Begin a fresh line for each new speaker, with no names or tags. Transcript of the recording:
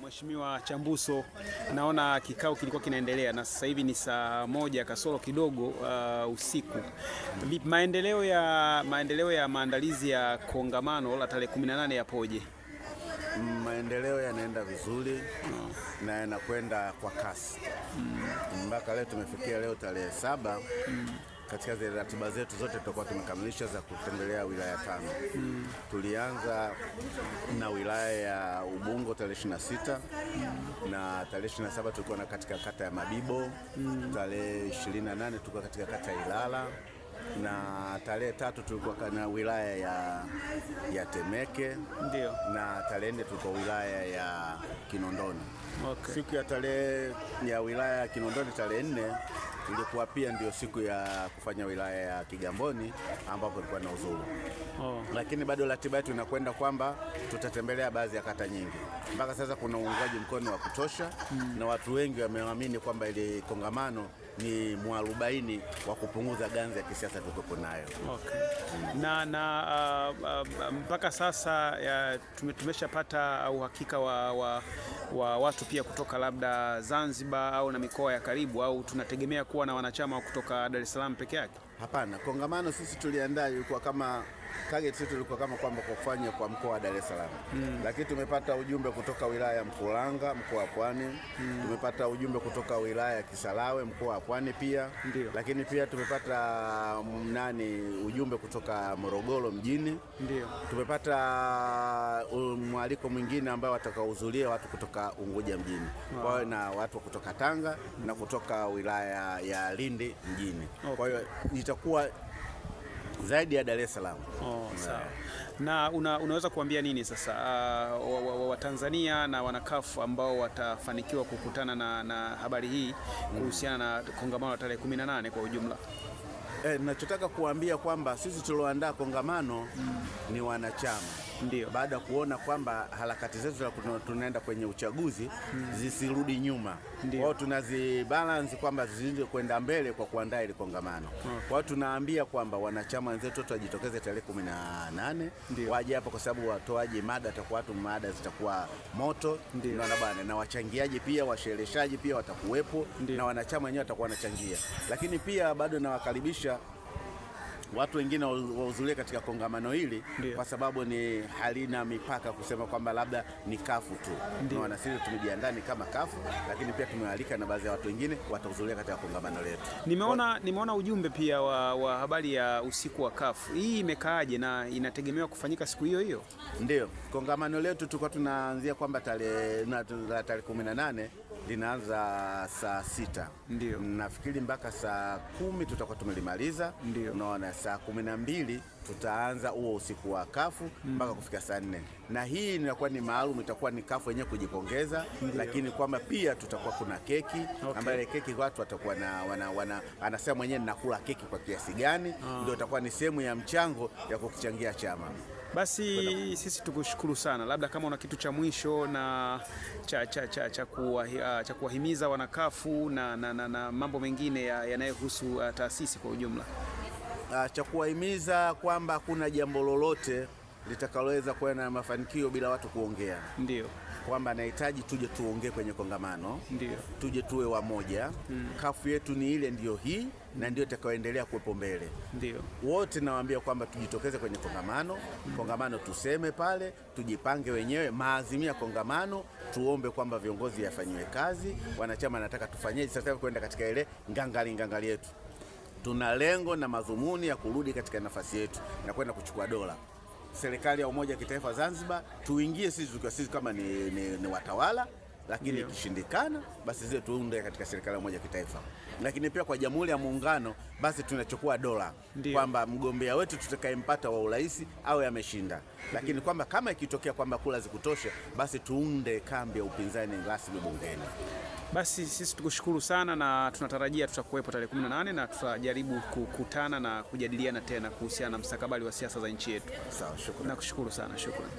Mheshimiwa Chambuso, naona kikao kilikuwa kinaendelea na sasa hivi ni saa moja kasoro kidogo uh, usiku. Maendeleo ya maendeleo ya maandalizi ya kongamano la tarehe 18 yapoje?
Mm, maendeleo yanaenda vizuri mm. na yanakwenda kwa kasi mm. mpaka mm. leo tumefikia leo tarehe saba mm katika zile ratiba zetu zote tutakuwa tumekamilisha za kutembelea wilaya tano. Mm. Tulianza na wilaya ya Ubungo tarehe 26 mm. na tarehe 27 tulikuwa na katika kata ya Mabibo mm. tarehe 28 tulikuwa katika kata ya Ilala na tarehe tatu tulikuwa na wilaya ya, ya Temeke ndio, na tarehe nne tulikuwa wilaya ya Kinondoni. Okay. Siku ya tarehe ya wilaya ya Kinondoni tarehe nne ilikuwa pia ndio siku ya kufanya wilaya ya Kigamboni ambapo ilikuwa na uzuru oh. Lakini bado ratiba yetu inakwenda kwamba tutatembelea baadhi ya kata nyingi. Mpaka sasa kuna uungwaji mkono wa kutosha mm. na watu wengi wameamini kwamba ile kongamano ni mwarobaini wa kupunguza ganzi ya kisiasa tukopo nayo. Okay.
Na, na uh, uh, mpaka sasa tumeshapata uhakika wa, wa, wa watu pia kutoka labda Zanzibar au na mikoa ya karibu au tunategemea kuwa na wanachama kutoka Dar es Salaam peke yake?
Hapana, kongamano sisi tuliandaa ilikuwa kama target yetu ilikuwa kama kwamba kufanya kwa mkoa wa Dar es Salaam mm. Lakini tumepata ujumbe kutoka wilaya ya Mkuranga mkoa wa Pwani mm. Tumepata ujumbe kutoka wilaya ya Kisarawe mkoa wa Pwani pia Ndiyo. Lakini pia tumepata mm, nani ujumbe kutoka Morogoro mjini Ndiyo. Tumepata mm, mwaliko mwingine ambao watakaohudhuria watu kutoka Unguja mjini wow. Kwa hiyo na watu kutoka Tanga mm. na kutoka wilaya ya Lindi mjini okay. Kwa hiyo itakuwa zaidi ya Dar es Salaam. Oh, sawa.
Na una, unaweza kuambia nini sasa Watanzania uh, wa, wa na wanakafu ambao watafanikiwa kukutana na, na habari hii kuhusiana na kongamano la tarehe 18 kwa ujumla?
Eh, Nachotaka kuambia kwamba sisi tulioandaa kongamano mm. ni wanachama Ndiyo. baada ya kuona kwamba harakati zetu za tunaenda kwenye uchaguzi hmm. zisirudi nyuma kwao, tunazibalansi kwamba zizidi kwenda mbele kwa kuandaa ile kongamano mm. kwao tunaambia kwamba wanachama wenzetu wote wajitokeze tarehe kumi na nane waje hapa, kwa sababu watoaji mada atakuwa watu mada zitakuwa moto, na bwana, na wachangiaji pia, washereheshaji pia watakuwepo na wanachama wenyewe watakuwa wanachangia, lakini pia bado nawakaribisha watu wengine wahudhurie katika kongamano hili Ndiyo. kwa sababu ni halina mipaka kusema kwamba labda ni kafu tu. na sisi tumejiandaa ni kama kafu, lakini pia tumewalika na baadhi ya watu wengine watahudhuria katika kongamano letu.
Nimeona, nimeona ujumbe pia wa, wa habari ya usiku wa kafu. Hii imekaaje na inategemewa kufanyika siku hiyo hiyo?
Ndio, kongamano letu tulikuwa tunaanzia kwamba tarehe tarehe 18 linaanza saa sita ndio nafikiri mpaka saa kumi tutakuwa tumelimaliza. Ndio unaona, saa kumi na mbili tutaanza huo usiku wa kafu mm. mpaka mm. kufika saa nne, na hii inakuwa ni maalum, itakuwa ni kafu yenyewe kujipongeza, lakini kwamba pia tutakuwa kuna keki okay. ambayo keki watu watakuwa na wana, wana, anasema mwenyewe nakula keki kwa kiasi gani, ah. ndio itakuwa ni sehemu ya mchango ya kukichangia chama.
Basi sisi tukushukuru sana, labda kama una kitu cha mwisho na cha, cha, cha, cha, kuwa, ah, cha kuwahimiza wanakafu na, na, na, na mambo mengine yanayohusu ya ah, taasisi kwa ujumla,
ah, cha kuwahimiza kwamba hakuna jambo lolote litakaloweza kuwa na mafanikio bila watu kuongea, ndio kwamba nahitaji tuje tuongee kwenye kongamano, ndio tuje tuwe wamoja mm. kafu yetu ni ile, ndiyo hii mm. na ndio itakayoendelea kuwepo mbele. Ndio wote nawaambia kwamba tujitokeze kwenye kongamano mm. kongamano tuseme pale, tujipange wenyewe maazimio ya kongamano, tuombe kwamba viongozi yafanyiwe kazi, wanachama nataka tufanyeje sasa kwenda katika ile ngangali ngangali yetu tuna lengo na madhumuni ya kurudi katika nafasi yetu na kwenda kuchukua dola serikali ya umoja kitaifa Zanzibar, tuingie sisi tukiwa sisi kama ni, ni, ni watawala lakini ikishindikana basi zile tuunde katika serikali moja kitaifa. Lakini pia kwa Jamhuri ya Muungano basi tunachukua dola kwamba mgombea wetu tutakayempata wa urais awe ameshinda, lakini kwamba kama ikitokea kwamba kula zikutosha, basi tuunde kambi ya upinzani rasmi bungeni.
Basi sisi tukushukuru sana na tunatarajia tutakuwepo tarehe 18 na tutajaribu kukutana na kujadiliana tena kuhusiana na mstakabali wa siasa za nchi yetu. Sawa, shukrani. Nakushukuru sana, shukrani.